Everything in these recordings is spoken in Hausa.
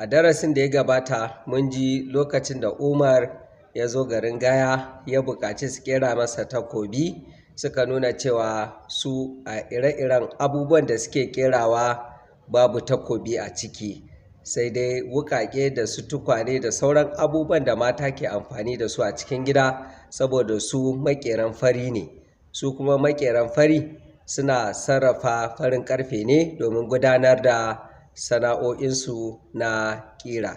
a darasin da ya gabata mun ji lokacin da umar ya zo garin gaya ya buƙaci su kera masa takobi suka nuna cewa su a ire-iren abubuwan da suke kerawa babu takobi a ciki sai dai wukake da su tukwane da sauran abubuwan da mata ke amfani da su a cikin gida saboda su makeran fari ne su kuma makeran fari suna sarrafa farin ƙarfe ne domin gudanar da sana'o'insu na ƙira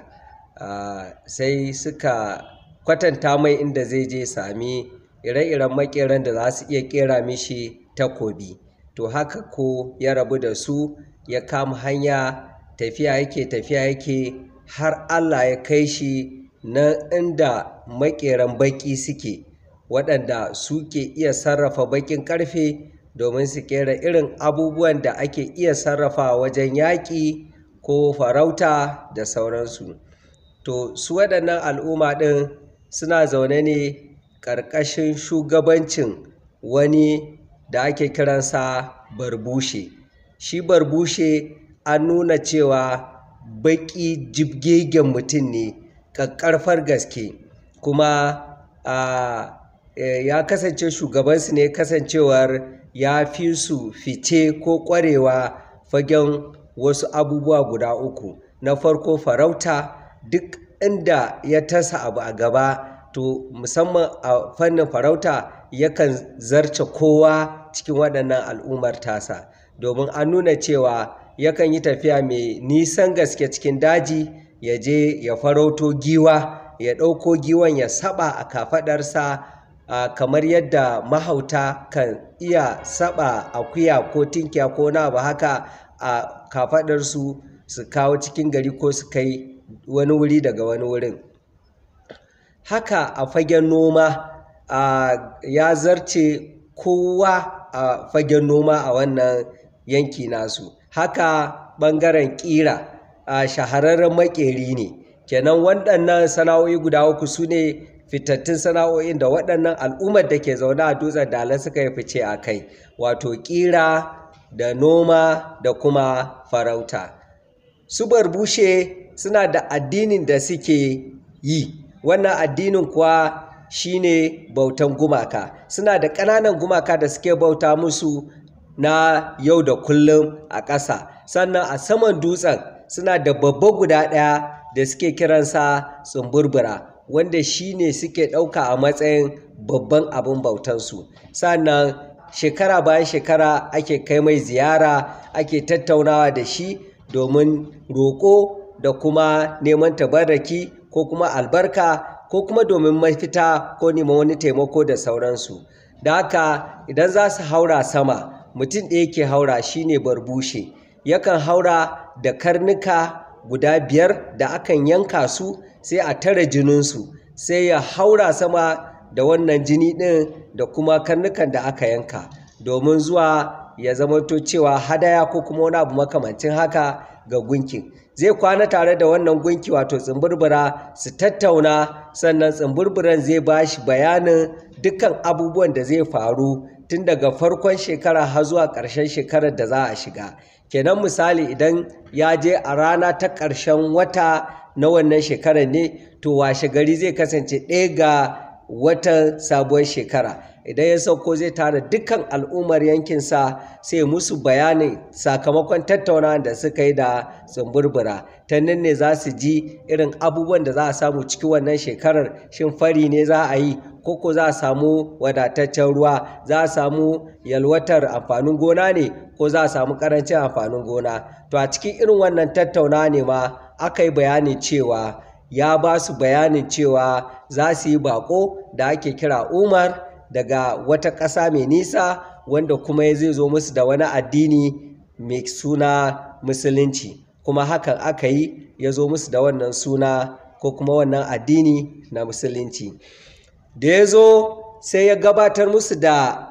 sai suka kwatanta mai inda zai je sami ire-iren maƙeran da za su iya ƙera mishi takobi to haka ko ya rabu da su ya kama hanya tafiya yake tafiya yake har Allah ya kai shi na inda maƙeran baƙi suke waɗanda suke iya sarrafa baƙin ƙarfe domin su kera irin abubuwan da ake iya sarrafa wajen yaƙi ko farauta da sauransu to su waɗannan al'umma ɗin suna zaune ne ƙarƙashin shugabancin wani da ake kiransa barbushe shi barbushe an nuna cewa baƙi jibgegen mutum ne ƙaƙƙarfar gaske kuma ah, eh, ya kasance shugabansu ne kasancewar ya fi su fice ko ƙwarewa fagen wasu abubuwa guda uku na farko farauta duk inda ya tasa abu a gaba to musamman a fannin farauta yakan zarce kowa cikin waɗannan al'ummar tasa domin an nuna cewa yakan yi tafiya mai nisan gaske cikin daji ya je ya farauto giwa ya ɗauko giwan ya saɓa a kafaɗarsa kamar yadda mahauta kan iya saɓa akuya ko tinkiya ko na ba haka a kafadarsu su kawo cikin gari ko su kai wani wuri daga wani wurin haka a fagen noma a ya zarce kowa a fagen noma a wannan yanki nasu haka ɓangaren ƙira a shahararren maƙeri ne kenan waɗannan sana'o'i guda uku su ne fitattun sana'o'in da waɗannan al'ummar da ke zaune a dutsen dalar suka yi fice a kai wato ƙira da noma da kuma farauta su barbushe suna da addinin da suke yi wannan addinin kuwa shine bautan gumaka suna da ƙananan gumaka da suke bauta musu na yau da kullum a ƙasa sannan a saman dutsen suna da babba guda ɗaya da suke kiransa tsumburbura wanda shi ne suke ɗauka a matsayin babban abin bautansu sannan shekara bayan shekara ake kai mai ziyara ake tattaunawa da shi domin roƙo da kuma neman tabarraki ko kuma albarka ko kuma domin mafita ko neman wani taimako da sauransu da haka idan za su haura sama mutum ɗaya ke haura shine barbushe yakan haura da karnuka guda biyar da akan yanka su sai a tare jininsu sai ya haura sama da wannan jini ɗin da kuma karnukan da aka yanka domin zuwa ya zamanto cewa hadaya ko kuma wani abu makamancin haka ga gunki. zai kwana tare da wannan gunki wato tsumburbura su tattauna sannan tsumburburan zai ba shi bayanin dukkan abubuwan da zai faru tun daga farkon shekara har zuwa ƙarshen shekarar da za a shiga kenan misali idan ya je a rana ta ƙarshen wata na wannan shekarar ne to washe gari zai kasance ɗaya ga watan sabuwar shekara idan ya sauko zai tara dukkan al'ummar yankinsa sai musu bayani sakamakon tattaunawa da suka yi da zumburbura ta nan ne za su ji irin abubuwan da za a samu cikin wannan shekarar shin fari ne za a yi koko za a samu wadataccen ruwa za a samu yalwatar amfanin gona ne ko za a samu karancin amfanin gona to a cikin irin wannan tattaunawa ne ma aka yi bayani cewa ya ba su bayanin cewa za su yi bako da ake kira umar daga wata ƙasa mai nisa wanda kuma ya zai zo musu da wani addini mai suna musulunci kuma hakan aka yi ya zo musu da wannan suna ko kuma wannan addini na musulunci da ya zo sai ya gabatar musu da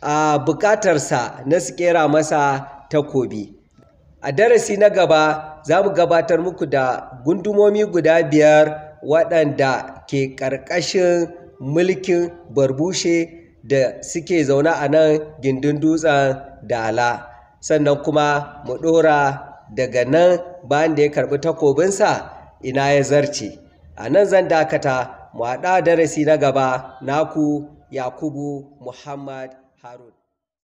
a bukatarsa na su kera masa takobi a darasi na gaba za mu gabatar muku da gundumomi guda biyar waɗanda ke ƙarƙashin mulkin barbushe da suke zaune a nan gindin dutsen dala sannan kuma mu ɗora daga nan bayan da ya karɓi takobinsa ina ya zarce a nan zan dakata mu haɗa darasi na gaba naku yakubu muhammad harun